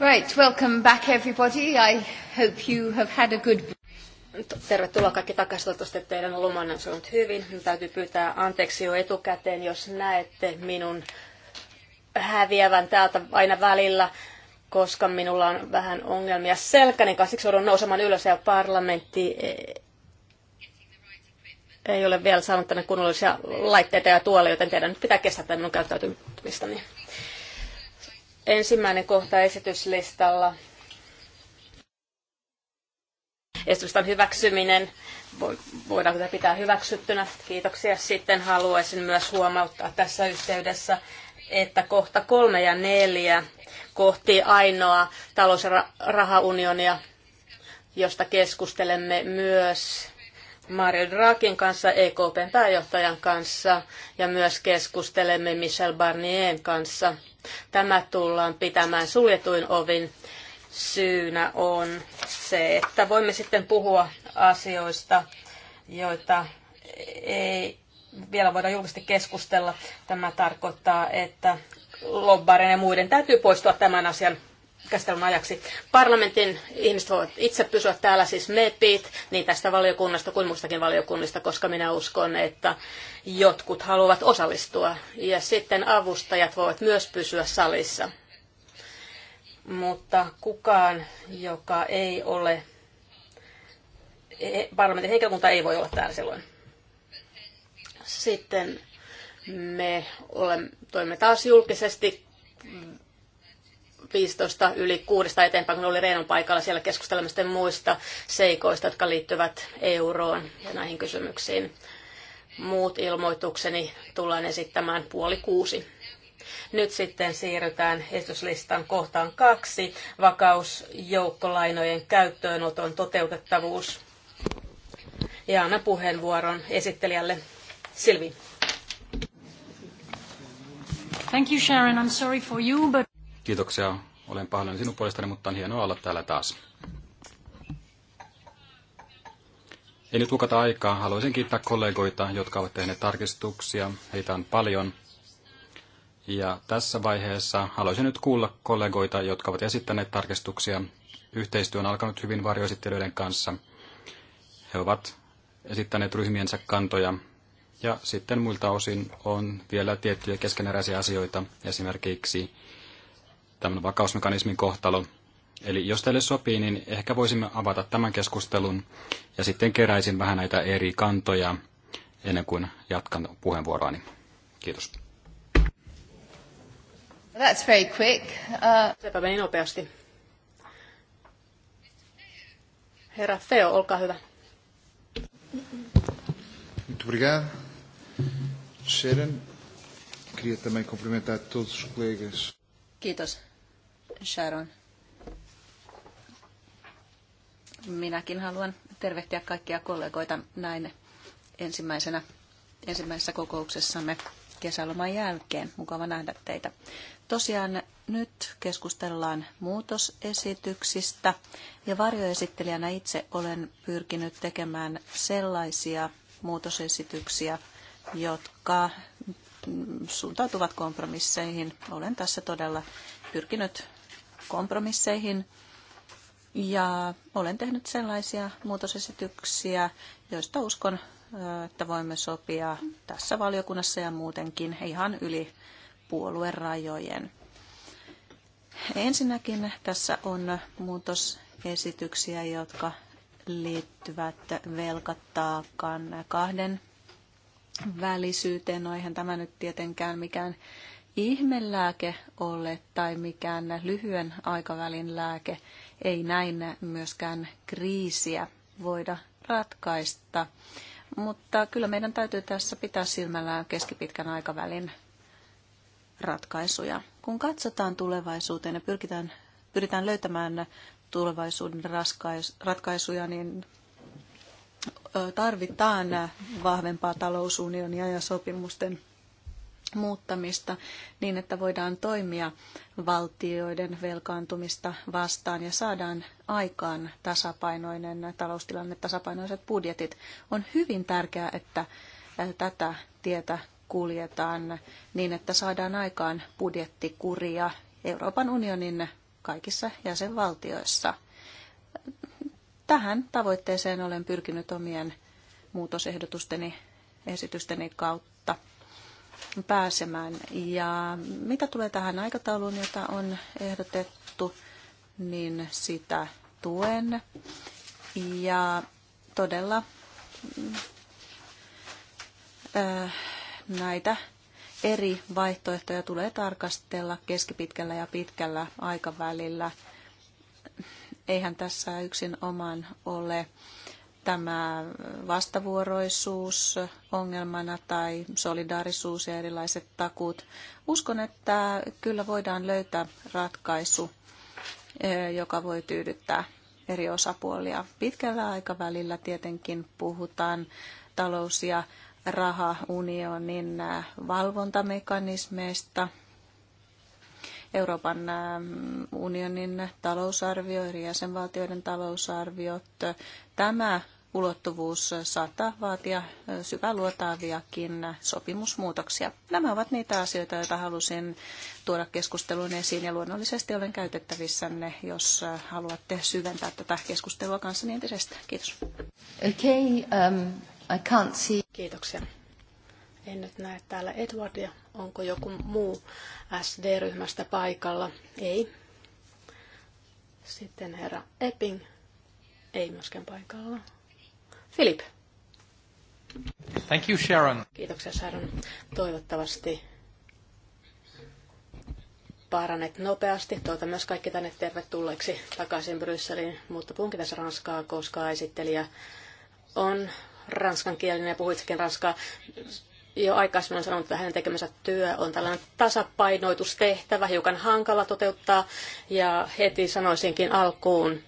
Right, welcome back everybody. I hope you have had a good... Tervetuloa kaikki takaisin. Toivottavasti teidän lomanne on ollut hyvin. Minun täytyy pyytää anteeksi jo etukäteen, jos näette minun häviävän täältä aina välillä, koska minulla on vähän ongelmia selkäni kanssa. Siksi joudun nousemaan ylös ja parlamentti eh, ei ole vielä saanut tänne kunnollisia laitteita ja tuoleja, joten teidän nyt pitää kestää minun käyttäytymistäni. Niin. Ensimmäinen kohta esityslistalla. Esityslistan hyväksyminen. Voidaanko tätä pitää hyväksyttynä? Kiitoksia. Sitten haluaisin myös huomauttaa tässä yhteydessä, että kohta kolme ja neljä kohti ainoa talous- ja rahaunionia, josta keskustelemme myös Mario Draghin kanssa, EKPn pääjohtajan kanssa ja myös keskustelemme Michel Barnierin kanssa Tämä tullaan pitämään suljetuin ovin. Syynä on se, että voimme sitten puhua asioista, joita ei vielä voida julkisesti keskustella. Tämä tarkoittaa, että lobbarien ja muiden täytyy poistua tämän asian käsittelyn ajaksi. Parlamentin ihmiset voivat itse pysyä täällä, siis MEPit, niin tästä valiokunnasta kuin muistakin valiokunnista, koska minä uskon, että jotkut haluavat osallistua. Ja sitten avustajat voivat myös pysyä salissa. Mutta kukaan, joka ei ole, e- parlamentin henkilökunta ei voi olla täällä silloin. Sitten me olemme, toimme taas julkisesti 15 yli kuudesta eteenpäin, kun oli Reenon paikalla siellä keskustelemisten muista seikoista, jotka liittyvät euroon ja näihin kysymyksiin. Muut ilmoitukseni tullaan esittämään puoli kuusi. Nyt sitten siirrytään esityslistan kohtaan kaksi, vakausjoukkolainojen käyttöönoton toteutettavuus. Ja annan puheenvuoron esittelijälle Silvi. Thank you Sharon, I'm sorry for you, but... Kiitoksia. Olen pahoillani sinun puolestani, mutta on hienoa olla täällä taas. Ei nyt hukata aikaa. Haluaisin kiittää kollegoita, jotka ovat tehneet tarkistuksia. Heitä on paljon. Ja tässä vaiheessa haluaisin nyt kuulla kollegoita, jotka ovat esittäneet tarkistuksia. Yhteistyö on alkanut hyvin varjoesittelyiden kanssa. He ovat esittäneet ryhmiensä kantoja. Ja sitten muilta osin on vielä tiettyjä keskeneräisiä asioita, esimerkiksi tämän vakausmekanismin kohtalo. Eli jos teille sopii, niin ehkä voisimme avata tämän keskustelun ja sitten keräisin vähän näitä eri kantoja ennen kuin jatkan puheenvuoroani. Kiitos. That's very quick. Uh... Sepä meni nopeasti. Herra Feo, olkaa hyvä. Muito obrigado. Sharon, queria também cumprimentar todos os colegas. Kiitos Sharon. Minäkin haluan tervehtiä kaikkia kollegoita näin ensimmäisenä, ensimmäisessä kokouksessamme kesäloman jälkeen. Mukava nähdä teitä. Tosiaan nyt keskustellaan muutosesityksistä ja varjoesittelijänä itse olen pyrkinyt tekemään sellaisia muutosesityksiä, jotka suuntautuvat kompromisseihin. Olen tässä todella pyrkinyt kompromisseihin. Ja olen tehnyt sellaisia muutosesityksiä, joista uskon, että voimme sopia tässä valiokunnassa ja muutenkin ihan yli puoluerajojen. Ensinnäkin tässä on muutosesityksiä, jotka liittyvät velkataakan kahden välisyyteen. No eihän tämä nyt tietenkään mikään ihmelääke ole tai mikään lyhyen aikavälin lääke. Ei näin myöskään kriisiä voida ratkaista. Mutta kyllä meidän täytyy tässä pitää silmällään keskipitkän aikavälin ratkaisuja. Kun katsotaan tulevaisuuteen ja pyritään, pyritään löytämään tulevaisuuden ratkaisuja, niin tarvitaan vahvempaa talousunionia ja sopimusten muuttamista niin, että voidaan toimia valtioiden velkaantumista vastaan ja saadaan aikaan tasapainoinen taloustilanne, tasapainoiset budjetit. On hyvin tärkeää, että tätä tietä kuljetaan niin, että saadaan aikaan budjettikuria Euroopan unionin kaikissa jäsenvaltioissa. Tähän tavoitteeseen olen pyrkinyt omien muutosehdotusteni esitysteni kautta pääsemään. Ja mitä tulee tähän aikatauluun, jota on ehdotettu, niin sitä tuen. Ja todella äh, näitä eri vaihtoehtoja tulee tarkastella keskipitkällä ja pitkällä aikavälillä. Eihän tässä yksin oman ole tämä vastavuoroisuus ongelmana tai solidaarisuus ja erilaiset takuut. Uskon, että kyllä voidaan löytää ratkaisu, e, joka voi tyydyttää eri osapuolia. Pitkällä aikavälillä tietenkin puhutaan talous- ja rahaunionin valvontamekanismeista, Euroopan unionin talousarvio, eri jäsenvaltioiden talousarviot. Tämä ulottuvuus saattaa vaatia syväluotaaviakin sopimusmuutoksia. Nämä ovat niitä asioita, joita halusin tuoda keskusteluun esiin ja luonnollisesti olen käytettävissänne, jos haluatte syventää tätä keskustelua niin entisestään. Kiitos. Okay, um, I can't see. Kiitoksia. En nyt näe täällä Edwardia. Onko joku muu SD-ryhmästä paikalla? Ei. Sitten herra Epping. Ei myöskään paikalla. Philip. Thank you, Sharon. Kiitoksia, Sharon. Toivottavasti parannet nopeasti. Tuota myös kaikki tänne tervetulleeksi takaisin Brysseliin, mutta puhunkin tässä ranskaa, koska esittelijä on ranskankielinen ja puhuitkin ranskaa. Jo aikaisemmin olen sanonut, että hänen tekemänsä työ on tällainen tasapainoitustehtävä, hiukan hankala toteuttaa. Ja heti sanoisinkin alkuun,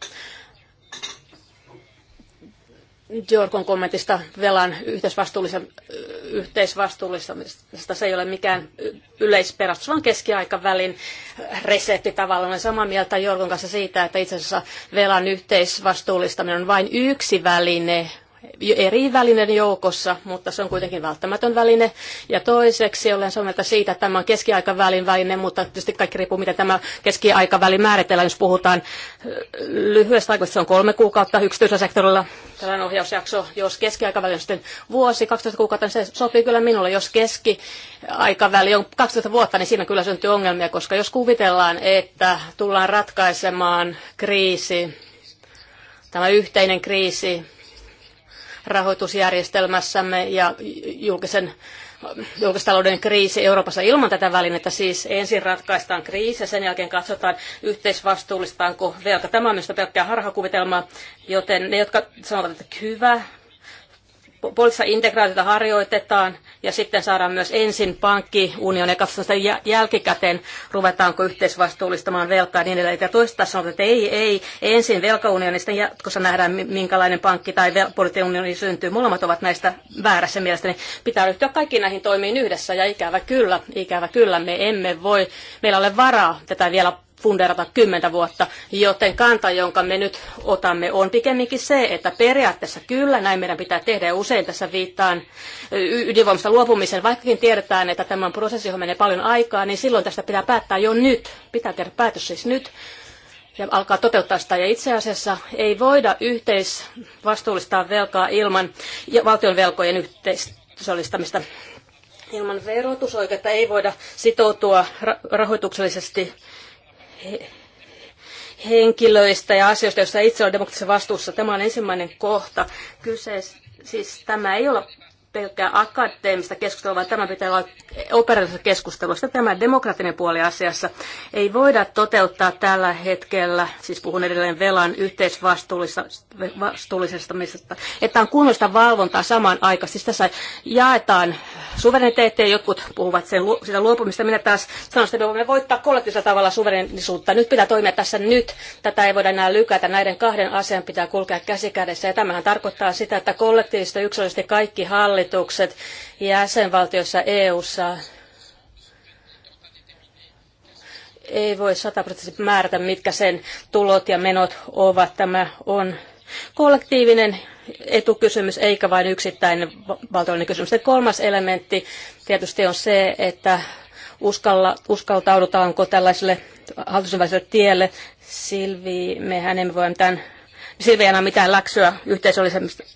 Jorkon kommentista velan yhteisvastuullisesta. Se ei ole mikään yleisperustus, vaan keskiaikavälin resepti tavallaan. Olen samaa mieltä Jorkon kanssa siitä, että itse asiassa velan yhteisvastuullistaminen on vain yksi väline eri välinen joukossa, mutta se on kuitenkin välttämätön väline. Ja toiseksi olen samalta siitä, että tämä on keskiaikavälin väline, mutta tietysti kaikki riippuu, miten tämä keskiaikaväli määritellään. Jos puhutaan äh, lyhyestä aikaa, se on kolme kuukautta yksityisellä sektorilla tällainen ohjausjakso. Jos keskiaikaväli on sitten vuosi, 12 kuukautta, niin se sopii kyllä minulle. Jos keskiaikaväli on 12 vuotta, niin siinä kyllä syntyy ongelmia, koska jos kuvitellaan, että tullaan ratkaisemaan kriisi, tämä yhteinen kriisi, rahoitusjärjestelmässämme ja julkisen julkistalouden kriisi Euroopassa ilman tätä välinettä. Siis ensin ratkaistaan kriisi ja sen jälkeen katsotaan yhteisvastuullistaanko velka. Tämä on minusta pelkkää harhakuvitelmaa, joten ne, jotka sanovat, että hyvä, poliittista integraatiota harjoitetaan, ja sitten saadaan myös ensin pankkiunion ja katsotaan jälkikäteen, ruvetaanko yhteisvastuullistamaan velkaa niin edelleen. Ja toista sanotaan, että ei, ei, ensin velkaunioni, ja sitten jatkossa nähdään, minkälainen pankki tai unioni syntyy. Molemmat ovat näistä väärässä mielestäni. Niin pitää ryhtyä kaikki näihin toimiin yhdessä ja ikävä kyllä, ikävä kyllä, me emme voi, meillä ole varaa tätä vielä funderata kymmentä vuotta, joten kanta, jonka me nyt otamme, on pikemminkin se, että periaatteessa kyllä näin meidän pitää tehdä, ja usein tässä viittaan ydinvoimasta luopumiseen, vaikkakin tiedetään, että tämä on prosessi, johon menee paljon aikaa, niin silloin tästä pitää päättää jo nyt, pitää tehdä päätös siis nyt, ja alkaa toteuttaa sitä. Ja itse asiassa ei voida yhteisvastuullistaa velkaa ilman ja valtion velkojen yhteisöllistämistä. Ilman verotusoikeutta ei voida sitoutua rahoituksellisesti henkilöistä ja asioista, joista itse on demokratisessa vastuussa. Tämä on ensimmäinen kohta. Kyseessä, siis tämä ei ole pelkkää akateemista keskustelua, vaan tämä pitää olla operatiivisessa keskustelussa. Tämä demokratinen puoli asiassa ei voida toteuttaa tällä hetkellä, siis puhun edelleen velan yhteisvastuullisesta, että on kunnollista valvontaa samaan aikaan. Siis tässä jaetaan suvereniteettia, jotkut puhuvat sen, sitä luopumista, minä taas sanon, että me voimme voittaa kollektiivisella tavalla suverenisuutta. Nyt pitää toimia tässä nyt, tätä ei voida enää lykätä, näiden kahden asian pitää kulkea käsikädessä, ja tämähän tarkoittaa sitä, että kollektiivisesti yksilöllisesti kaikki hallitsevat hallitukset jäsenvaltioissa EU-ssa ei voi sataprosenttisesti määrätä, mitkä sen tulot ja menot ovat. Tämä on kollektiivinen etukysymys, eikä vain yksittäinen valtiollinen kysymys. Ja kolmas elementti tietysti on se, että uskalla, uskaltaudutaanko tällaiselle hallituksen tielle. Silvi, mehän emme voi mitään Silviana mitään läksyä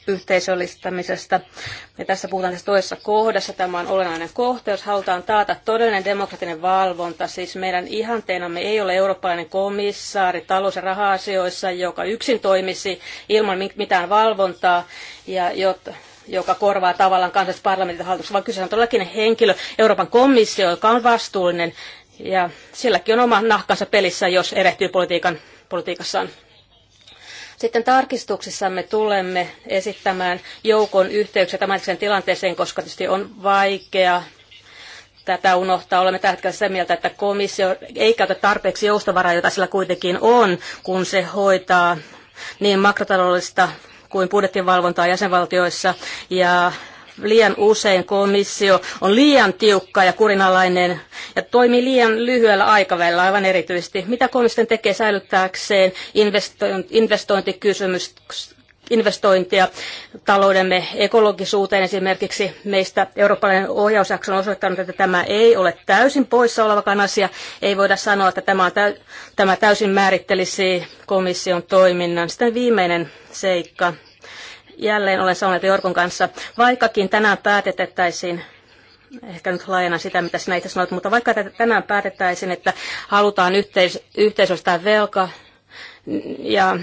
yhteisöllistämisestä. Ja tässä puhutaan tässä toisessa kohdassa. Tämä on olennainen kohta, jos halutaan taata todellinen demokratinen valvonta. Siis meidän ihanteenamme ei ole eurooppalainen komissaari talous- ja raha-asioissa, joka yksin toimisi ilman mitään valvontaa. Ja jotta joka korvaa tavallaan kansalliset parlamentit ja hallitukset, vaan kyseessä on todellakin henkilö, Euroopan komissio, joka on vastuullinen ja silläkin on oma nahkansa pelissä, jos erehtyy politiikan, politiikassaan. Sitten tarkistuksissamme tulemme esittämään joukon yhteyksiä tämänhetkisen tilanteeseen, koska tietysti on vaikea tätä unohtaa. Olemme tällä hetkellä sitä mieltä, että komissio ei käytä tarpeeksi joustovaraa, jota sillä kuitenkin on, kun se hoitaa niin makrotaloudellista kuin budjettinvalvontaa jäsenvaltioissa ja liian usein komissio on liian tiukka ja kurinalainen ja toimii liian lyhyellä aikavälillä aivan erityisesti. Mitä komissio tekee säilyttääkseen investointikysymys, investointia taloudemme ekologisuuteen esimerkiksi. Meistä eurooppalainen ohjausjakso on osoittanut, että tämä ei ole täysin poissa olevakaan asia. Ei voida sanoa, että tämä, tämä täysin määrittelisi komission toiminnan. Sitten viimeinen seikka Jälleen olen samaa mieltä Jorkon kanssa, vaikkakin tänään päätetettäisiin ehkä nyt laajana sitä, mitä sinä itse sanoit, mutta vaikka tänään päätettäisiin, että halutaan yhteis- yhteisöstä velka ja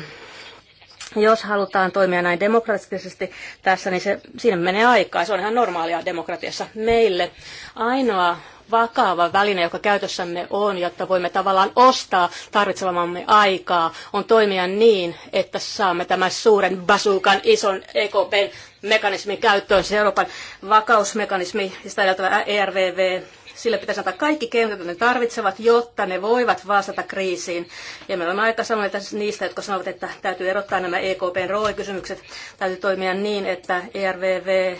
jos halutaan toimia näin demokraattisesti tässä, niin se, siinä menee aikaa. Se on ihan normaalia demokratiassa meille. Ainoa vakava väline, joka käytössämme on, jotta voimme tavallaan ostaa tarvitsemamme aikaa, on toimia niin, että saamme tämän suuren basuukan ison EKPn mekanismin käyttöön, se Euroopan vakausmekanismi ja sitä edeltävä ERVV, sille pitäisi antaa kaikki keinot, joita ne tarvitsevat, jotta ne voivat vastata kriisiin. Ja me olemme aika samoja niistä, jotka sanovat, että täytyy erottaa nämä EKPn roolikysymykset. Täytyy toimia niin, että ERVV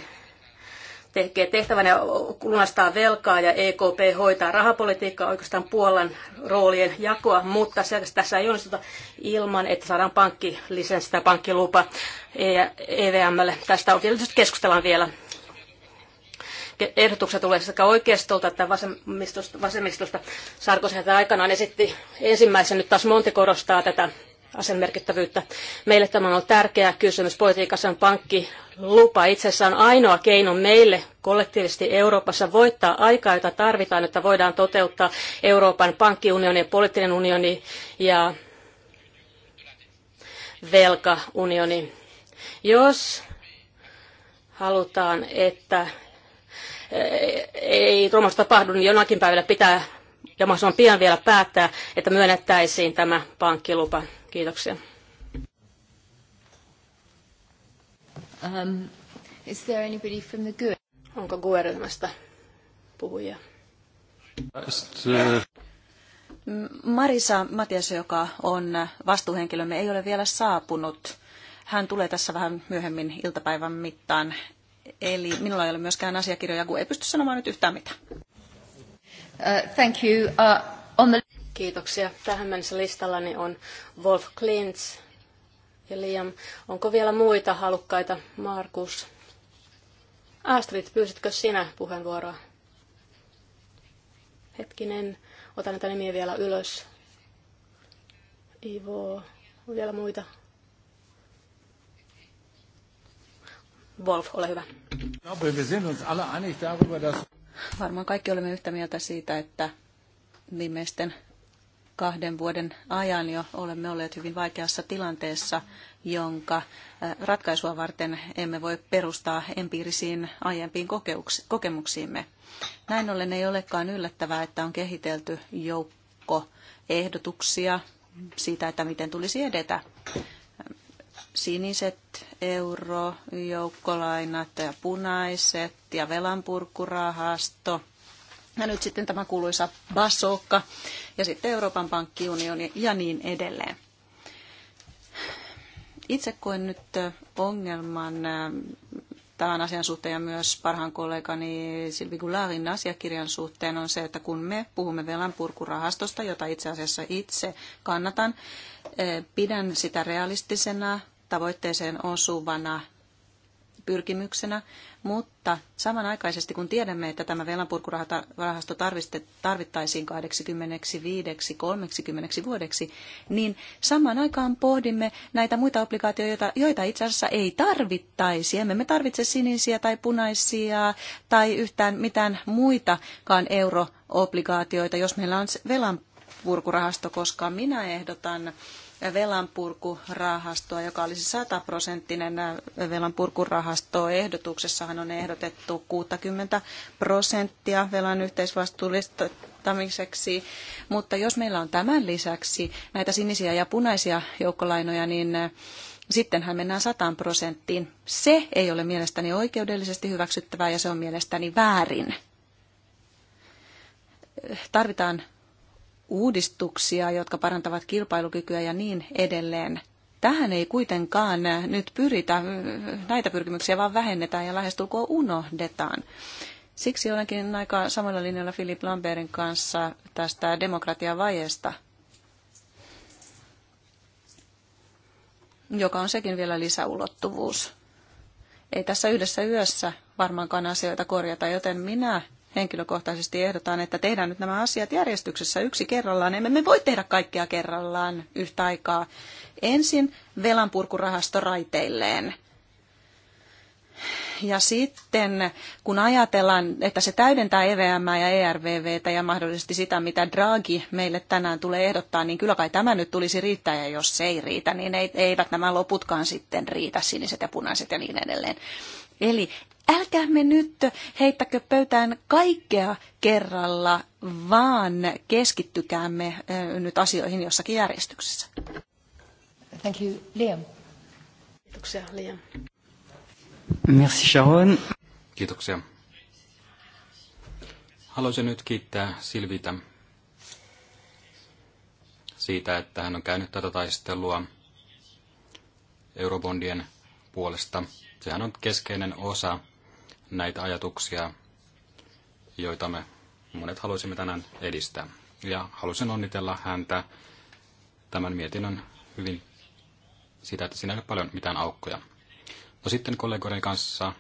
tekee tehtävän ja lunastaa velkaa ja EKP hoitaa rahapolitiikkaa, oikeastaan Puolan roolien jakoa, mutta selvästi tässä ei onnistuta ilman, että saadaan pankkilisenssi tai pankkilupa EVMlle. E Tästä on tietysti keskustellaan vielä ehdotuksia tulee sekä oikeistolta että vasemmistosta. vasemmistosta. Sarkosen aikanaan esitti ensimmäisen, nyt taas Monti korostaa tätä sen merkittävyyttä. Meille tämä on ollut tärkeä kysymys. Politiikassa on pankkilupa itse asiassa on ainoa keino meille kollektiivisesti Euroopassa voittaa aikaa, jota tarvitaan, että voidaan toteuttaa Euroopan pankkiunioni ja poliittinen unioni ja velkaunioni. Jos halutaan, että ei tuommoista tapahdu, niin jonakin päivänä pitää ja mahdollisimman pian vielä päättää, että myönnettäisiin tämä pankkilupa. Kiitoksia. Um, is there anybody from the GUE? Onko GUE-ryhmästä puhujia? Marisa Matias, joka on vastuuhenkilömme, ei ole vielä saapunut. Hän tulee tässä vähän myöhemmin iltapäivän mittaan. Eli minulla ei ole myöskään asiakirjoja, kun ei pysty sanomaan nyt yhtään mitään. Uh, thank you. Uh, on the... Kiitoksia. Tähän mennessä listallani on Wolf Klintz ja Liam. Onko vielä muita halukkaita? Markus. Astrid, pyysitkö sinä puheenvuoroa? Hetkinen, otan näitä nimiä vielä ylös. Ivo, on vielä muita. Wolf, ole hyvä. Varmaan kaikki olemme yhtä mieltä siitä, että viimeisten kahden vuoden ajan jo olemme olleet hyvin vaikeassa tilanteessa, jonka ratkaisua varten emme voi perustaa empiirisiin aiempiin kokemuksiimme. Näin ollen ei olekaan yllättävää, että on kehitelty joukko ehdotuksia siitä, että miten tulisi edetä siniset eurojoukkolainat ja punaiset ja velanpurkurahasto. Ja nyt sitten tämä kuuluisa Basokka ja sitten Euroopan pankkiunioni ja niin edelleen. Itse koen nyt ongelman tämän asian suhteen ja myös parhaan kollegani Silvi Gularin asiakirjan suhteen on se, että kun me puhumme velanpurkurahastosta, jota itse asiassa itse kannatan, pidän sitä realistisena tavoitteeseen osuvana pyrkimyksenä, mutta samanaikaisesti kun tiedämme, että tämä velanpurkurahasto tarvittaisiin 85-30 vuodeksi, niin samaan aikaan pohdimme näitä muita obligaatioita, joita itse asiassa ei tarvittaisi. Emme me tarvitse sinisiä tai punaisia tai yhtään mitään muitakaan euroobligaatioita, jos meillä on velanpurkurahasto, koska minä ehdotan velanpurkurahastoa, joka olisi sataprosenttinen prosenttinen velanpurkurahasto. Ehdotuksessahan on ehdotettu 60 prosenttia velan yhteisvastuullistamiseksi, mutta jos meillä on tämän lisäksi näitä sinisiä ja punaisia joukkolainoja, niin sittenhän mennään 100 prosenttiin. Se ei ole mielestäni oikeudellisesti hyväksyttävää ja se on mielestäni väärin. Tarvitaan uudistuksia, jotka parantavat kilpailukykyä ja niin edelleen. Tähän ei kuitenkaan nyt pyritä, näitä pyrkimyksiä vaan vähennetään ja lähestulkoon unohdetaan. Siksi olenkin aika samalla linjalla Philip Lambertin kanssa tästä demokratiavajeesta, joka on sekin vielä lisäulottuvuus. Ei tässä yhdessä yössä varmaankaan asioita korjata, joten minä henkilökohtaisesti ehdotan, että tehdään nyt nämä asiat järjestyksessä yksi kerrallaan. Emme me voi tehdä kaikkea kerrallaan yhtä aikaa. Ensin velanpurkurahasto raiteilleen. Ja sitten kun ajatellaan, että se täydentää EVM ja ERVVtä ja mahdollisesti sitä, mitä Draghi meille tänään tulee ehdottaa, niin kyllä kai tämä nyt tulisi riittää ja jos se ei riitä, niin eivät nämä loputkaan sitten riitä, siniset ja punaiset ja niin edelleen. Eli me nyt heittäkö pöytään kaikkea kerralla, vaan keskittykäämme nyt asioihin jossakin järjestyksessä. Thank you, Liam. Kiitoksia, Liam. Merci, Sharon. Kiitoksia. Haluaisin nyt kiittää Silvitä siitä, että hän on käynyt tätä taistelua eurobondien puolesta. Sehän on keskeinen osa näitä ajatuksia, joita me monet haluaisimme tänään edistää. Ja halusin onnitella häntä tämän mietinnön hyvin sitä, että siinä ei ole paljon mitään aukkoja. No sitten kollegoiden kanssa,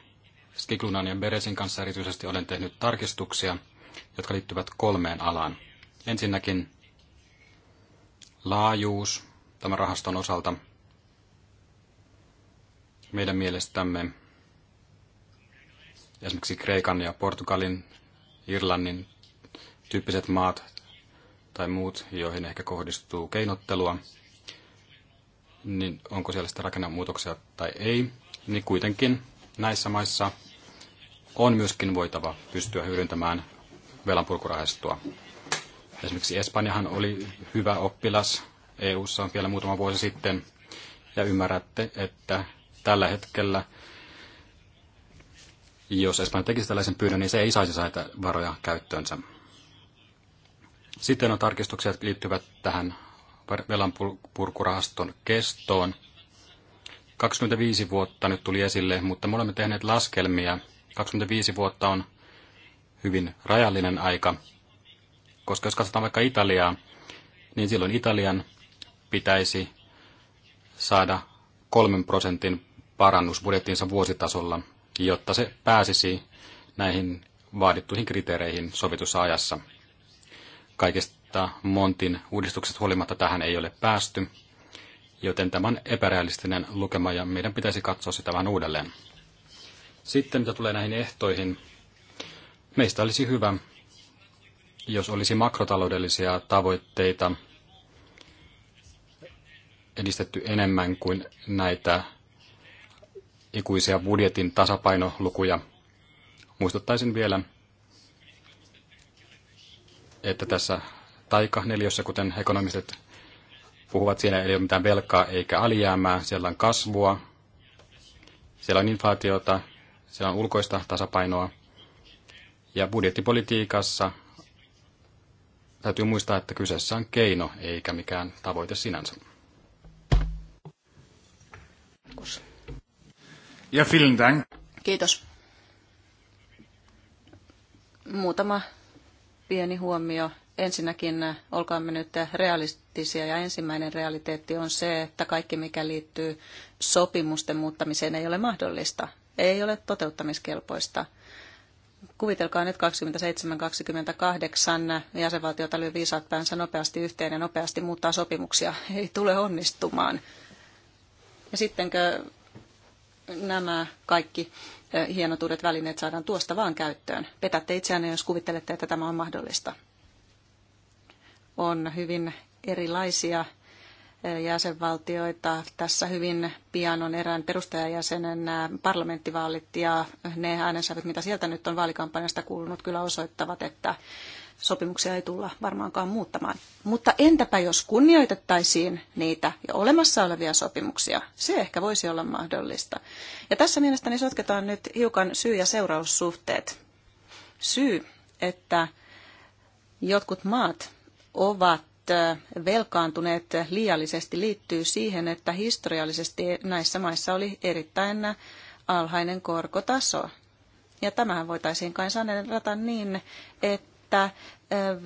Skiklunan ja Beresin kanssa erityisesti olen tehnyt tarkistuksia, jotka liittyvät kolmeen alaan. Ensinnäkin laajuus tämän rahaston osalta. Meidän mielestämme Esimerkiksi Kreikan ja Portugalin, Irlannin tyyppiset maat tai muut, joihin ehkä kohdistuu keinottelua, niin onko siellä sitä rakennemuutoksia tai ei, niin kuitenkin näissä maissa on myöskin voitava pystyä hyödyntämään velanpurkurahastoa. Esimerkiksi Espanjahan oli hyvä oppilas EU-ssa vielä muutama vuosi sitten, ja ymmärrätte, että tällä hetkellä – jos Espanja tekisi tällaisen pyynnön, niin se ei saisi saada varoja käyttöönsä. Sitten on tarkistuksia, jotka liittyvät tähän velanpurkurahaston kestoon. 25 vuotta nyt tuli esille, mutta me olemme tehneet laskelmia. 25 vuotta on hyvin rajallinen aika, koska jos katsotaan vaikka Italiaa, niin silloin Italian pitäisi saada kolmen prosentin parannus budjettinsa vuositasolla – jotta se pääsisi näihin vaadittuihin kriteereihin sovitussa ajassa. Kaikista Montin uudistukset huolimatta tähän ei ole päästy, joten tämä on epärealistinen lukema ja meidän pitäisi katsoa sitä vähän uudelleen. Sitten mitä tulee näihin ehtoihin, meistä olisi hyvä, jos olisi makrotaloudellisia tavoitteita edistetty enemmän kuin näitä ikuisia budjetin tasapainolukuja. Muistuttaisin vielä, että tässä taika neljössä, kuten ekonomistit puhuvat, siinä ei ole mitään velkaa eikä alijäämää, siellä on kasvua, siellä on inflaatiota, siellä on ulkoista tasapainoa. Ja budjettipolitiikassa täytyy muistaa, että kyseessä on keino eikä mikään tavoite sinänsä. Kiitos. Ja vielen dank. Kiitos. Muutama pieni huomio. Ensinnäkin äh, olkaamme nyt realistisia ja ensimmäinen realiteetti on se, että kaikki mikä liittyy sopimusten muuttamiseen ei ole mahdollista. Ei ole toteuttamiskelpoista kuvitelkaa nyt 27-28 jäsenvaltiota lyö viisaat päänsä nopeasti yhteen ja nopeasti muuttaa sopimuksia. Ei tule onnistumaan. Ja sittenkö nämä kaikki hienot uudet välineet saadaan tuosta vaan käyttöön. Petätte itseänne, jos kuvittelette, että tämä on mahdollista. On hyvin erilaisia jäsenvaltioita. Tässä hyvin pian on erään perustajajäsenen parlamenttivaalit ja ne äänensävyt, mitä sieltä nyt on vaalikampanjasta kuulunut, kyllä osoittavat, että sopimuksia ei tulla varmaankaan muuttamaan. Mutta entäpä jos kunnioitettaisiin niitä jo olemassa olevia sopimuksia? Se ehkä voisi olla mahdollista. Ja tässä mielestäni sotketaan nyt hiukan syy- ja seuraussuhteet. Syy, että jotkut maat ovat velkaantuneet liiallisesti liittyy siihen, että historiallisesti näissä maissa oli erittäin alhainen korkotaso. Ja tämähän voitaisiin kai saneerata niin, että että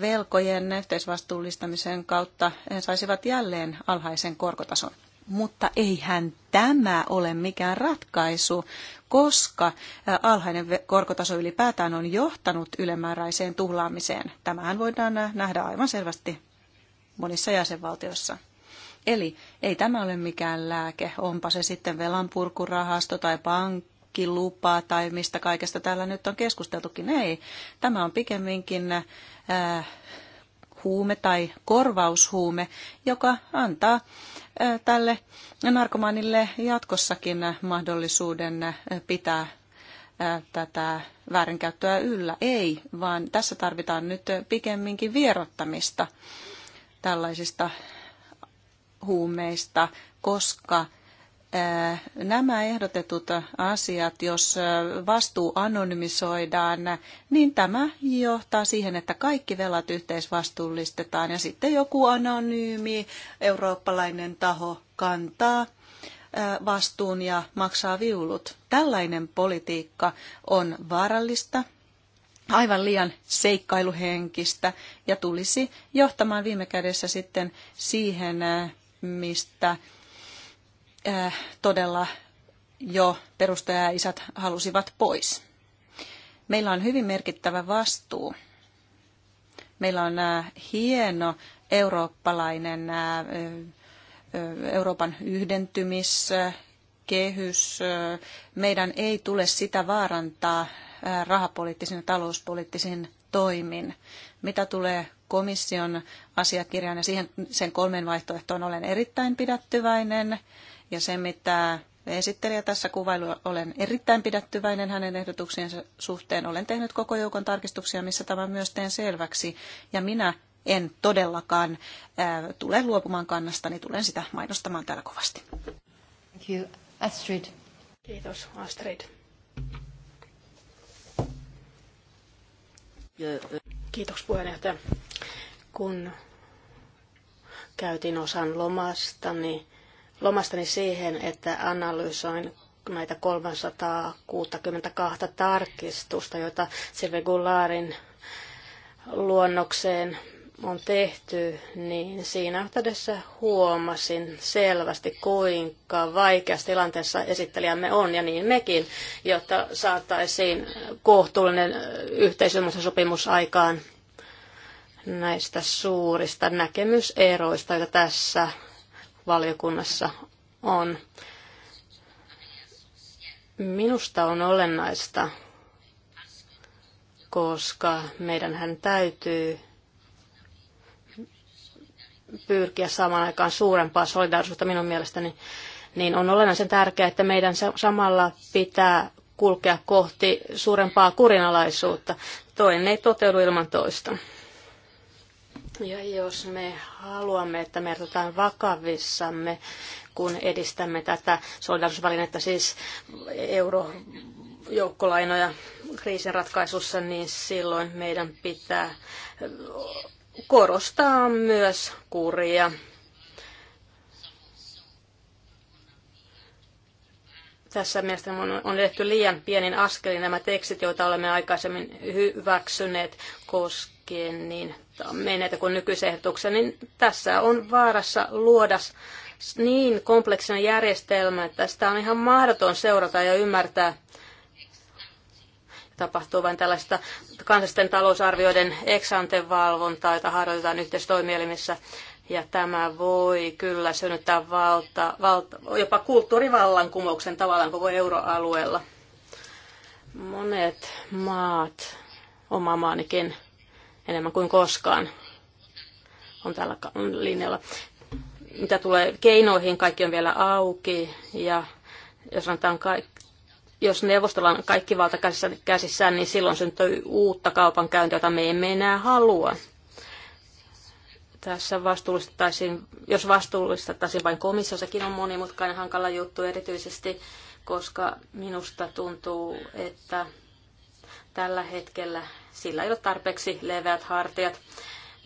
velkojen yhteisvastuullistamisen kautta saisivat jälleen alhaisen korkotason. Mutta eihän tämä ole mikään ratkaisu, koska alhainen korkotaso ylipäätään on johtanut ylimääräiseen tuhlaamiseen. Tämähän voidaan nähdä aivan selvästi monissa jäsenvaltioissa. Eli ei tämä ole mikään lääke, onpa se sitten velanpurkurahasto tai pankki pankkilupa tai mistä kaikesta täällä nyt on keskusteltukin. Ei, tämä on pikemminkin äh, huume tai korvaushuume, joka antaa äh, tälle narkomaanille jatkossakin mahdollisuuden äh, pitää äh, tätä väärinkäyttöä yllä. Ei, vaan tässä tarvitaan nyt pikemminkin vierottamista tällaisista huumeista, koska nämä ehdotetut asiat, jos vastuu anonymisoidaan, niin tämä johtaa siihen, että kaikki velat yhteisvastuullistetaan ja sitten joku anonyymi eurooppalainen taho kantaa vastuun ja maksaa viulut. Tällainen politiikka on vaarallista, aivan liian seikkailuhenkistä ja tulisi johtamaan viime kädessä sitten siihen, mistä Äh, todella jo perustaja isät halusivat pois. Meillä on hyvin merkittävä vastuu. Meillä on äh, hieno eurooppalainen äh, Euroopan yhdentymiskehys. Meidän ei tule sitä vaarantaa rahapoliittisin ja talouspoliittisin toimin. Mitä tulee komission asiakirjaan ja siihen, sen kolmen vaihtoehtoon olen erittäin pidättyväinen. Ja se, mitä esittelijä tässä kuvailu, olen erittäin pidättyväinen hänen ehdotuksiensa suhteen. Olen tehnyt koko joukon tarkistuksia, missä tämä myös teen selväksi. Ja minä en todellakaan äh, tule luopumaan kannastani, tulen sitä mainostamaan täällä kovasti. Thank you. Astrid. Kiitos, Astrid. Kiitos puheenjohtaja. Kun käytin osan lomastani, lomastani siihen, että analysoin näitä 362 tarkistusta, joita Silvi Gullarin luonnokseen on tehty, niin siinä yhteydessä huomasin selvästi, kuinka vaikeassa tilanteessa esittelijämme on, ja niin mekin, jotta saataisiin kohtuullinen sopimus aikaan näistä suurista näkemyseroista, joita tässä valiokunnassa on. Minusta on olennaista, koska meidän hän täytyy pyrkiä saamaan aikaan suurempaa solidaarisuutta minun mielestäni, niin on olennaisen tärkeää, että meidän samalla pitää kulkea kohti suurempaa kurinalaisuutta. Toinen ei toteudu ilman toista. Ja jos me haluamme, että me otetaan vakavissamme, kun edistämme tätä solidarisuusvälinettä, siis eurojoukkolainoja kriisin ratkaisussa, niin silloin meidän pitää korostaa myös kuria. Tässä mielestäni on edetty liian pienin askelin nämä tekstit, joita olemme aikaisemmin hyväksyneet koskien niin menetä kuin nykyisehdotuksen, niin tässä on vaarassa luoda niin kompleksinen järjestelmä, että sitä on ihan mahdoton seurata ja ymmärtää tapahtuu vain tällaista kansallisten talousarvioiden eksantevalvontaa, jota harjoitetaan yhteistoimielimissä. Ja tämä voi kyllä synnyttää valta, valta, jopa kulttuurivallankumouksen tavallaan koko euroalueella. Monet maat, oma maanikin enemmän kuin koskaan, on tällä linjalla. Mitä tulee keinoihin, kaikki on vielä auki ja jos antaa kaikki jos neuvostolla on kaikki valta käsissään, niin silloin syntyy uutta kaupankäyntiä, jota me emme enää halua. Tässä vastuullistettaisiin, jos vastuullistettaisiin vain sekin on monimutkainen hankala juttu erityisesti, koska minusta tuntuu, että tällä hetkellä sillä ei ole tarpeeksi leveät hartiat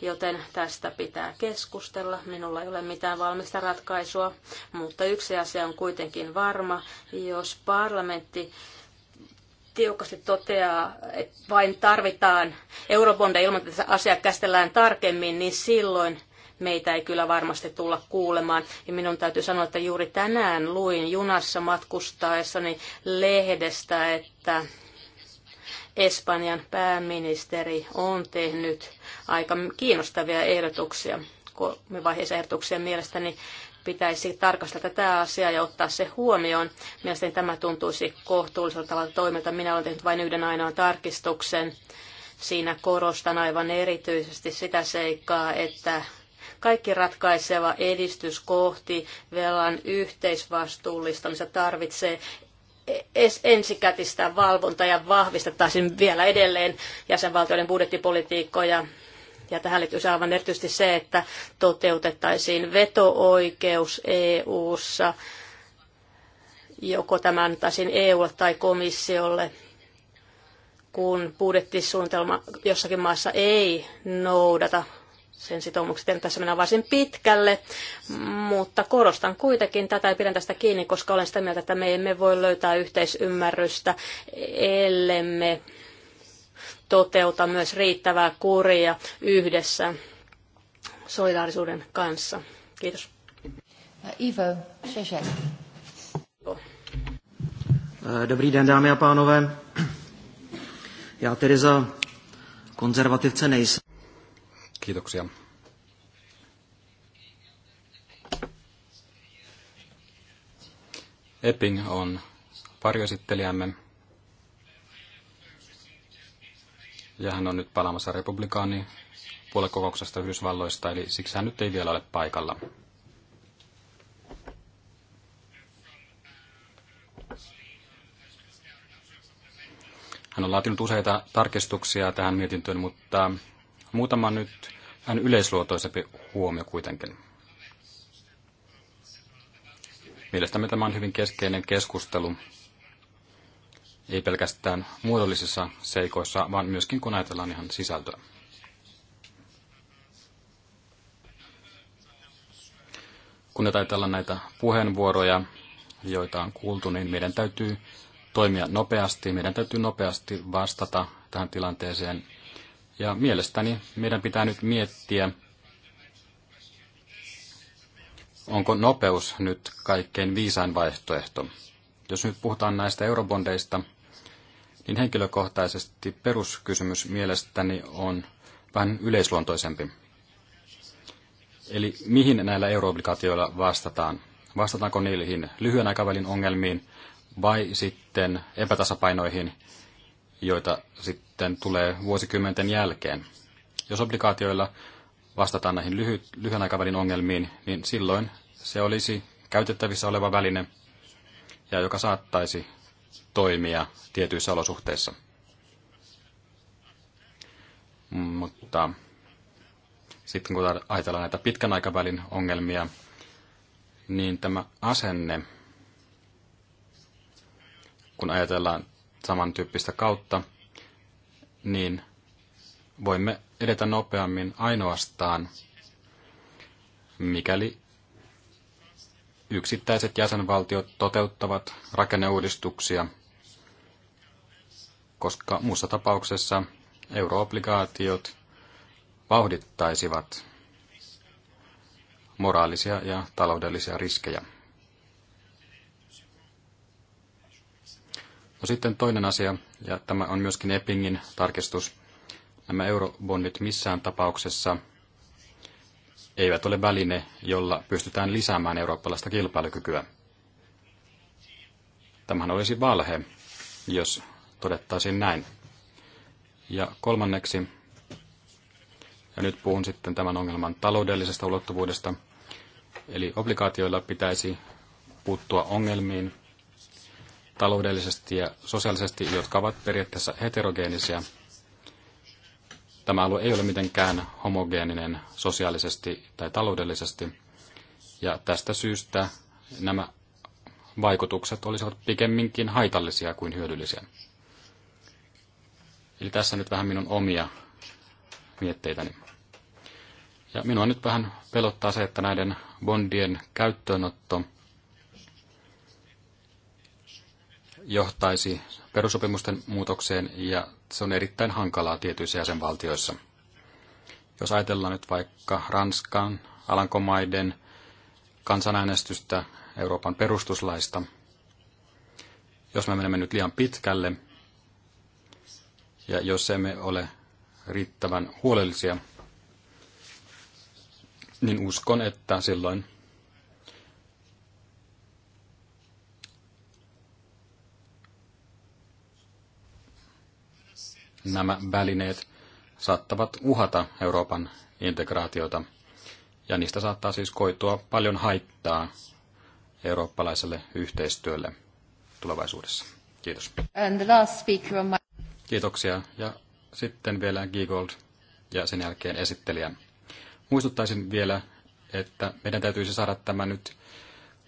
joten tästä pitää keskustella. Minulla ei ole mitään valmista ratkaisua, mutta yksi asia on kuitenkin varma. Jos parlamentti tiukasti toteaa, että vain tarvitaan eurobonda ilman, että asiaa käsitellään tarkemmin, niin silloin meitä ei kyllä varmasti tulla kuulemaan. Ja minun täytyy sanoa, että juuri tänään luin junassa matkustaessani lehdestä, että Espanjan pääministeri on tehnyt aika kiinnostavia ehdotuksia, kolme vaiheessa ehdotuksia mielestäni pitäisi tarkastella tätä asiaa ja ottaa se huomioon. Mielestäni tämä tuntuisi kohtuulliselta tavalla toimelta. Minä olen tehnyt vain yhden ainoan tarkistuksen. Siinä korostan aivan erityisesti sitä seikkaa, että kaikki ratkaiseva edistys kohti velan yhteisvastuullistamista tarvitsee ensikätistä valvontaa ja vahvistettaisiin vielä edelleen jäsenvaltioiden budjettipolitiikkoja. Ja tähän liittyy aivan erityisesti se, että toteutettaisiin veto-oikeus EU-ssa, joko tämä antaisiin EUlle tai komissiolle, kun budjettisuunnitelma jossakin maassa ei noudata sen sitoumukset. En tässä mennä varsin pitkälle, mutta korostan kuitenkin tätä ja pidän tästä kiinni, koska olen sitä mieltä, että me emme voi löytää yhteisymmärrystä, ellemme toteuta myös riittävää kuria yhdessä solidaarisuuden kanssa. Kiitos. Uh, Ivo eh, Dobrý den, dámy a pánové. Já tedy za konzervativce nejsem. Kiitoksia. Epping on varjoesittelijämme. Ja hän on nyt palaamassa republikaani puolekokouksesta Yhdysvalloista, eli siksi hän nyt ei vielä ole paikalla. Hän on laatinut useita tarkistuksia tähän mietintöön, mutta muutama nyt vähän yleisluotoisempi huomio kuitenkin. Mielestäni tämä on hyvin keskeinen keskustelu, ei pelkästään muodollisissa seikoissa, vaan myöskin kun ajatellaan ihan sisältöä. Kun ne taitaa näitä puheenvuoroja, joita on kuultu, niin meidän täytyy toimia nopeasti. Meidän täytyy nopeasti vastata tähän tilanteeseen ja mielestäni meidän pitää nyt miettiä, onko nopeus nyt kaikkein viisain vaihtoehto. Jos nyt puhutaan näistä eurobondeista, niin henkilökohtaisesti peruskysymys mielestäni on vähän yleisluontoisempi. Eli mihin näillä euroobligaatioilla vastataan? Vastataanko niihin lyhyen aikavälin ongelmiin vai sitten epätasapainoihin, joita sitten tulee vuosikymmenten jälkeen. Jos obligaatioilla vastataan näihin lyhy- lyhyen aikavälin ongelmiin, niin silloin se olisi käytettävissä oleva väline, ja joka saattaisi toimia tietyissä olosuhteissa. Mutta sitten kun ajatellaan näitä pitkän aikavälin ongelmia, niin tämä asenne, kun ajatellaan samantyyppistä kautta, niin voimme edetä nopeammin ainoastaan, mikäli yksittäiset jäsenvaltiot toteuttavat rakenneuudistuksia, koska muussa tapauksessa euroobligaatiot vauhdittaisivat moraalisia ja taloudellisia riskejä. No sitten toinen asia, ja tämä on myöskin Eppingin tarkistus. Nämä eurobondit missään tapauksessa eivät ole väline, jolla pystytään lisäämään eurooppalaista kilpailukykyä. Tämähän olisi valhe, jos todettaisiin näin. Ja kolmanneksi, ja nyt puhun sitten tämän ongelman taloudellisesta ulottuvuudesta, eli obligaatioilla pitäisi puuttua ongelmiin, taloudellisesti ja sosiaalisesti, jotka ovat periaatteessa heterogeenisia. Tämä alue ei ole mitenkään homogeeninen sosiaalisesti tai taloudellisesti, ja tästä syystä nämä vaikutukset olisivat pikemminkin haitallisia kuin hyödyllisiä. Eli tässä nyt vähän minun omia mietteitäni. Ja minua nyt vähän pelottaa se, että näiden bondien käyttöönotto – johtaisi perusopimusten muutokseen ja se on erittäin hankalaa tietyissä jäsenvaltioissa. Jos ajatellaan nyt vaikka Ranskan, Alankomaiden kansanäänestystä Euroopan perustuslaista, jos me menemme nyt liian pitkälle ja jos emme ole riittävän huolellisia, niin uskon, että silloin nämä välineet saattavat uhata Euroopan integraatiota, ja niistä saattaa siis koitua paljon haittaa eurooppalaiselle yhteistyölle tulevaisuudessa. Kiitos. And the last speaker on my... Kiitoksia. Ja sitten vielä Giegold ja sen jälkeen esittelijä. Muistuttaisin vielä, että meidän täytyisi saada tämä nyt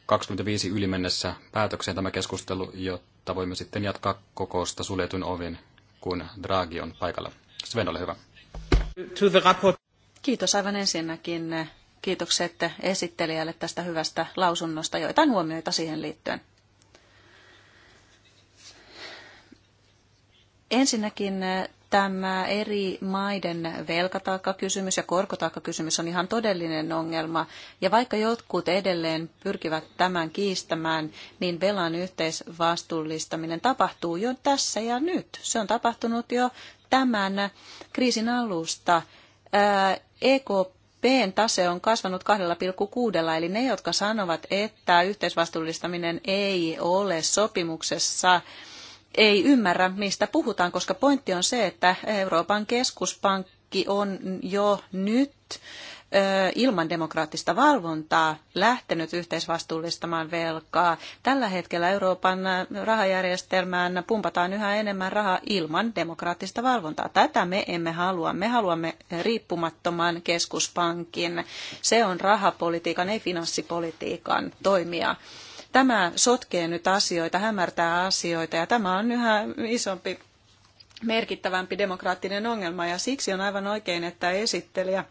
25 yli mennessä päätökseen tämä keskustelu, jotta voimme sitten jatkaa kokousta suljetun ovin kun Draghi on paikalla. Sven, ole hyvä. Kiitos aivan ensinnäkin. Kiitokset esittelijälle tästä hyvästä lausunnosta. Joitain huomioita siihen liittyen. Ensinnäkin tämä eri maiden velkataakkakysymys ja korkotaakkakysymys on ihan todellinen ongelma. Ja vaikka jotkut edelleen pyrkivät tämän kiistämään, niin velan yhteisvastuullistaminen tapahtuu jo tässä ja nyt. Se on tapahtunut jo tämän kriisin alusta. EKP b tase on kasvanut 2,6, eli ne, jotka sanovat, että yhteisvastuullistaminen ei ole sopimuksessa ei ymmärrä, mistä puhutaan, koska pointti on se, että Euroopan keskuspankki on jo nyt ilman demokraattista valvontaa lähtenyt yhteisvastuullistamaan velkaa. Tällä hetkellä Euroopan rahajärjestelmään pumpataan yhä enemmän rahaa ilman demokraattista valvontaa. Tätä me emme halua. Me haluamme riippumattoman keskuspankin. Se on rahapolitiikan, ei finanssipolitiikan toimija. Tämä sotkee nyt asioita, hämärtää asioita ja tämä on yhä isompi merkittävämpi demokraattinen ongelma ja siksi on aivan oikein, että esittelijä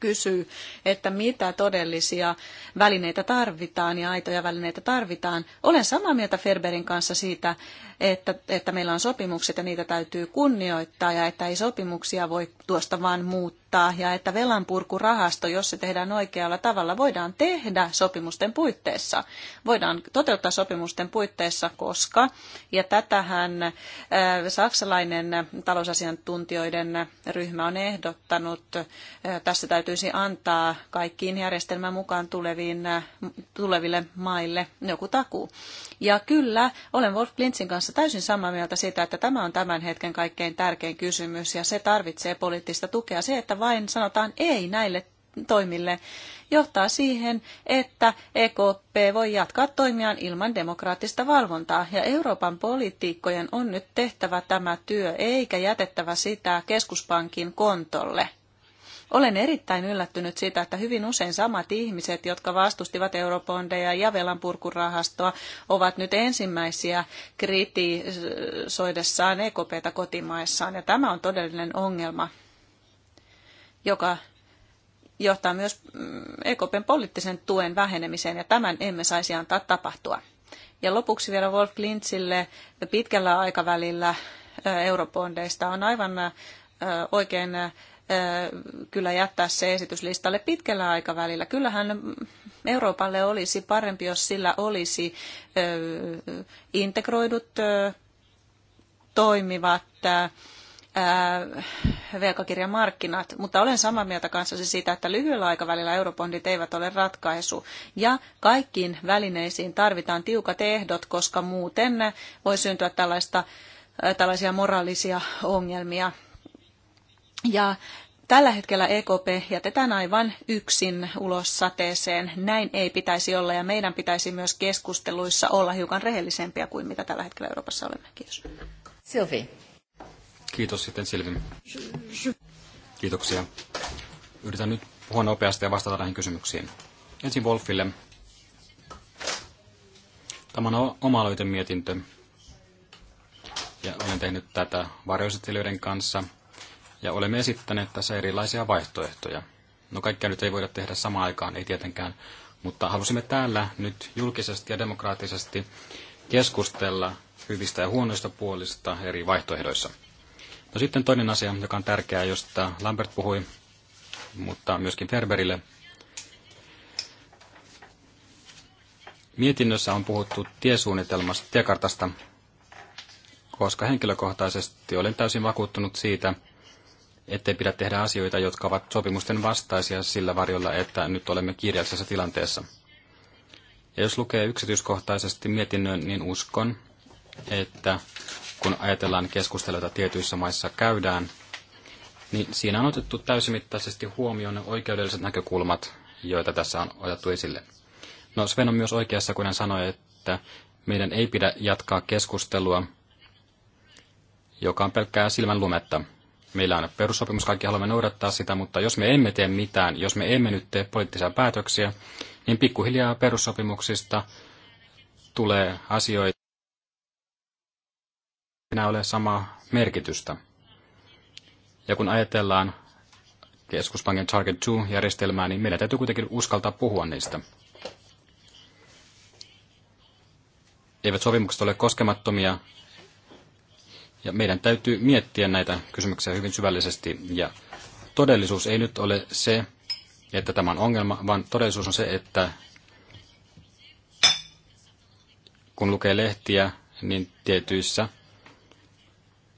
kysyy, että mitä todellisia välineitä tarvitaan ja aitoja välineitä tarvitaan. Olen samaa mieltä Ferberin kanssa siitä, että, että meillä on sopimukset ja niitä täytyy kunnioittaa ja että ei sopimuksia voi tuosta vaan muuttaa kohtaa ja että velanpurkurahasto, jos se tehdään oikealla tavalla, voidaan tehdä sopimusten puitteissa. Voidaan toteuttaa sopimusten puitteissa, koska, ja tätähän äh, saksalainen talousasiantuntijoiden ryhmä on ehdottanut, äh, tässä täytyisi antaa kaikkiin järjestelmän mukaan tuleviin, äh, tuleville maille joku takuu. Ja kyllä, olen Wolf Blintzin kanssa täysin samaa mieltä siitä, että tämä on tämän hetken kaikkein tärkein kysymys ja se tarvitsee poliittista tukea. Se, että vain sanotaan ei näille toimille, johtaa siihen, että EKP voi jatkaa toimiaan ilman demokraattista valvontaa. Ja Euroopan poliitikkojen on nyt tehtävä tämä työ, eikä jätettävä sitä keskuspankin kontolle. Olen erittäin yllättynyt siitä, että hyvin usein samat ihmiset, jotka vastustivat eurobondeja ja velanpurkurahastoa, ovat nyt ensimmäisiä kritisoidessaan EKPtä kotimaissaan. Ja tämä on todellinen ongelma joka johtaa myös mm, EKPn poliittisen tuen vähenemiseen, ja tämän emme saisi antaa tapahtua. Ja lopuksi vielä Wolf Klintzille pitkällä aikavälillä eurobondeista on aivan oikein kyllä jättää se esityslistalle pitkällä aikavälillä. Kyllähän Euroopalle olisi parempi, jos sillä olisi integroidut toimivat velkakirjamarkkinat, mutta olen samaa mieltä kanssasi siitä, että lyhyellä aikavälillä eurobondit eivät ole ratkaisu. Ja kaikkiin välineisiin tarvitaan tiukat ehdot, koska muuten voi syntyä tällaista, tällaisia moraalisia ongelmia. Ja Tällä hetkellä EKP jätetään aivan yksin ulos sateeseen. Näin ei pitäisi olla ja meidän pitäisi myös keskusteluissa olla hiukan rehellisempiä kuin mitä tällä hetkellä Euroopassa olemme. Kiitos. Sylvie. Kiitos sitten Silvi. Kiitoksia. Yritän nyt puhua nopeasti ja vastata näihin kysymyksiin. Ensin Wolfille. Tämä on oma mietintö. Ja olen tehnyt tätä varjoesittelijöiden kanssa. Ja olemme esittäneet tässä erilaisia vaihtoehtoja. No kaikkea nyt ei voida tehdä samaan aikaan, ei tietenkään. Mutta halusimme täällä nyt julkisesti ja demokraattisesti keskustella hyvistä ja huonoista puolista eri vaihtoehdoissa. No sitten toinen asia, joka on tärkeää, josta Lambert puhui, mutta myöskin Ferberille. Mietinnössä on puhuttu tiesuunnitelmasta, tiekartasta, koska henkilökohtaisesti olen täysin vakuuttunut siitä, ettei pidä tehdä asioita, jotka ovat sopimusten vastaisia sillä varjolla, että nyt olemme kiireellisessä tilanteessa. Ja jos lukee yksityiskohtaisesti mietinnön, niin uskon, että kun ajatellaan keskusteluita tietyissä maissa käydään, niin siinä on otettu täysimittaisesti huomioon ne oikeudelliset näkökulmat, joita tässä on otettu esille. No Sven on myös oikeassa, kun hän sanoi, että meidän ei pidä jatkaa keskustelua, joka on pelkkää silmän lumetta. Meillä on perussopimus, kaikki haluamme noudattaa sitä, mutta jos me emme tee mitään, jos me emme nyt tee poliittisia päätöksiä, niin pikkuhiljaa perussopimuksista tulee asioita, enää ole samaa merkitystä. Ja kun ajatellaan keskuspankin Target 2-järjestelmää, niin meidän täytyy kuitenkin uskaltaa puhua niistä. Eivät sopimukset ole koskemattomia, ja meidän täytyy miettiä näitä kysymyksiä hyvin syvällisesti. Ja todellisuus ei nyt ole se, että tämä on ongelma, vaan todellisuus on se, että kun lukee lehtiä, niin tietyissä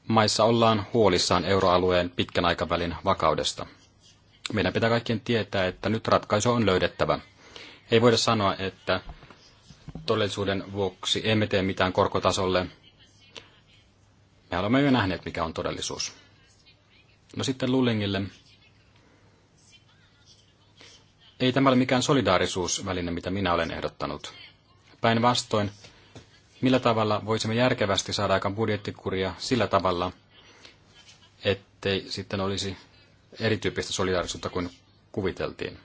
maissa ollaan huolissaan euroalueen pitkän aikavälin vakaudesta. Meidän pitää kaikkien tietää, että nyt ratkaisu on löydettävä. Ei voida sanoa, että todellisuuden vuoksi emme tee mitään korkotasolle. Me olemme jo nähneet, mikä on todellisuus. No sitten Lullingille. Ei tämä ole mikään solidaarisuusväline, mitä minä olen ehdottanut. Päinvastoin, millä tavalla voisimme järkevästi saada aikaan budjettikuria sillä tavalla, ettei sitten olisi erityyppistä solidaarisuutta kuin kuviteltiin.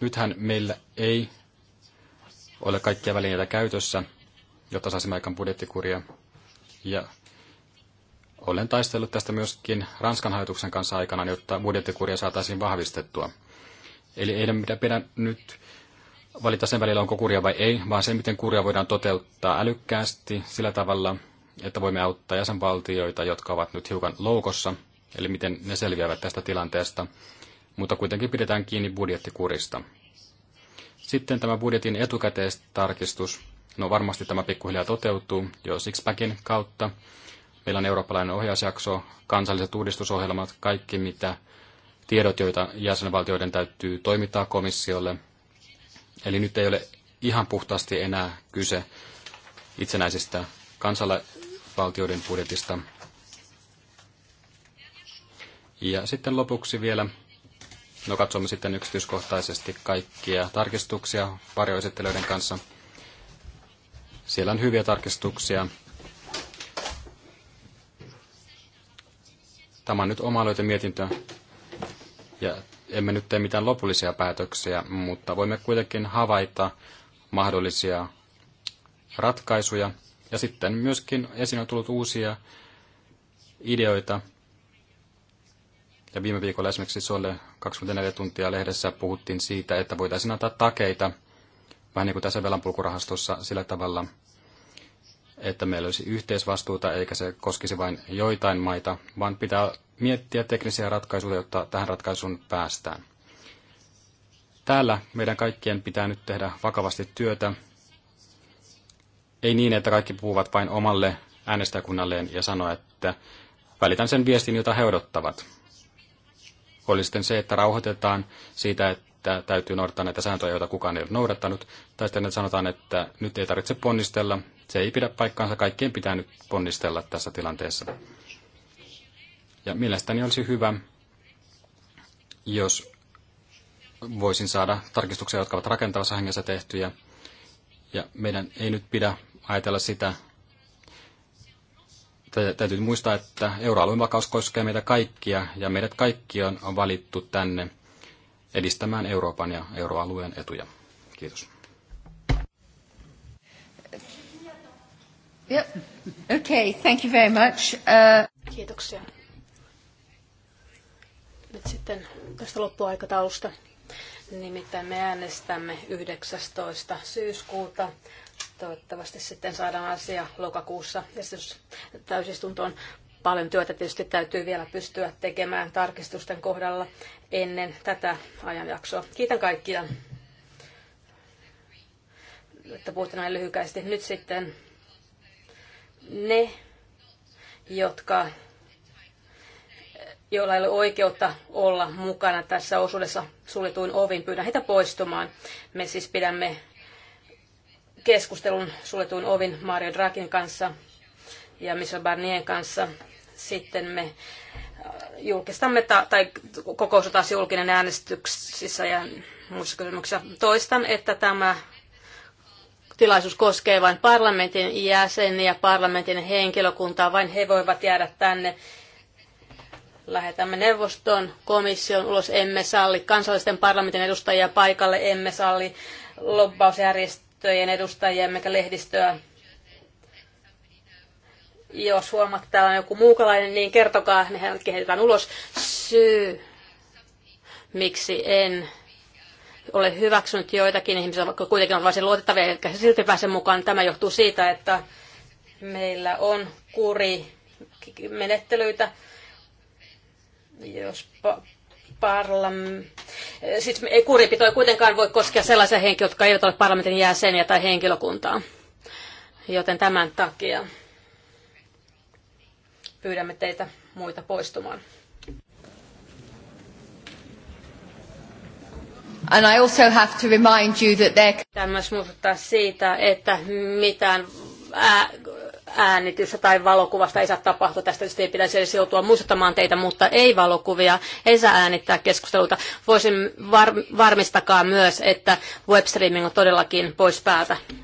Nythän meillä ei ole kaikkia välineitä käytössä, jotta saisimme aikaan budjettikuria. Ja olen taistellut tästä myöskin Ranskan hallituksen kanssa aikana, jotta budjettikuria saataisiin vahvistettua. Eli ei pidä nyt valita sen välillä, onko kurja vai ei, vaan se, miten kurja voidaan toteuttaa älykkäästi sillä tavalla, että voimme auttaa jäsenvaltioita, jotka ovat nyt hiukan loukossa, eli miten ne selviävät tästä tilanteesta, mutta kuitenkin pidetään kiinni budjettikurista. Sitten tämä budjetin etukäteistarkistus. No varmasti tämä pikkuhiljaa toteutuu jo Sixpackin kautta. Meillä on eurooppalainen ohjausjakso, kansalliset uudistusohjelmat, kaikki mitä tiedot, joita jäsenvaltioiden täytyy toimittaa komissiolle – Eli nyt ei ole ihan puhtaasti enää kyse itsenäisistä kansalaisvaltioiden budjetista. Ja sitten lopuksi vielä, no katsomme sitten yksityiskohtaisesti kaikkia tarkistuksia varjoesittelyiden kanssa. Siellä on hyviä tarkistuksia. Tämä on nyt oma mietintö ja emme nyt tee mitään lopullisia päätöksiä, mutta voimme kuitenkin havaita mahdollisia ratkaisuja. Ja sitten myöskin esiin on tullut uusia ideoita. Ja viime viikolla esimerkiksi Solle 24 tuntia lehdessä puhuttiin siitä, että voitaisiin antaa takeita, vähän niin kuin tässä velanpulkurahastossa sillä tavalla, että meillä olisi yhteisvastuuta eikä se koskisi vain joitain maita, vaan pitää miettiä teknisiä ratkaisuja, jotta tähän ratkaisuun päästään. Täällä meidän kaikkien pitää nyt tehdä vakavasti työtä. Ei niin, että kaikki puhuvat vain omalle äänestäjäkunnalleen ja sanoa, että välitän sen viestin, jota he odottavat. Oli sitten se, että rauhoitetaan siitä, että täytyy noudattaa näitä sääntöjä, joita kukaan ei ole noudattanut, tai sitten että sanotaan, että nyt ei tarvitse ponnistella, se ei pidä paikkaansa, kaikkien pitää nyt ponnistella tässä tilanteessa. Ja mielestäni olisi hyvä, jos voisin saada tarkistuksia, jotka ovat rakentavassa hengessä tehtyjä. Ja meidän ei nyt pidä ajatella sitä, täytyy muistaa, että euroalueen vakaus koskee meitä kaikkia ja meidät kaikki on valittu tänne edistämään Euroopan ja euroalueen etuja. Kiitos. Yep. Okay, thank you very much. Uh... Kiitoksia. Nyt sitten tästä loppuaikataulusta. Nimittäin me äänestämme 19. syyskuuta. Toivottavasti sitten saadaan asia lokakuussa ja täysistuntoon paljon työtä tietysti täytyy vielä pystyä tekemään tarkistusten kohdalla ennen tätä ajanjaksoa. Kiitän kaikkia, että puhutte näin lyhykäisesti. Nyt sitten ne, jotka joilla ei ole oikeutta olla mukana tässä osuudessa suljetuin ovin. Pyydän heitä poistumaan. Me siis pidämme keskustelun suljetuin ovin Mario Drakin kanssa ja Michel Barnier kanssa. Sitten me äh, julkistamme ta- tai kokous taas julkinen äänestyksissä ja muissa kysymyksissä. Toistan, että tämä tilaisuus koskee vain parlamentin jäseniä, parlamentin henkilökuntaa, vain he voivat jäädä tänne lähetämme neuvoston, komission ulos, emme salli kansallisten parlamentin edustajia paikalle, emme salli lobbausjärjestöjen edustajia, emmekä lehdistöä. Jos huomaatte, täällä on joku muukalainen, niin kertokaa, ne kehitetään ulos. Syy, miksi en ole hyväksynyt joitakin ihmisiä, vaikka kuitenkin on varsin luotettavia, jotka silti pääse mukaan. Niin tämä johtuu siitä, että meillä on kuri menettelyitä, jos pa- parlam... Siis ei kuripito ei kuitenkaan voi koskea sellaisia henkilöitä, jotka eivät ole parlamentin jäseniä tai henkilökuntaa. Joten tämän takia pyydämme teitä muita poistumaan. And I also have to remind you that there... Tämä myös muistuttaa siitä, että mitään ää, äänitystä tai valokuvasta ei saa tapahtua. Tästä tietysti ei pitäisi edes joutua muistuttamaan teitä, mutta ei valokuvia, ei saa äänittää keskusteluita. Voisin var- varmistakaa myös, että webstreaming on todellakin pois päältä.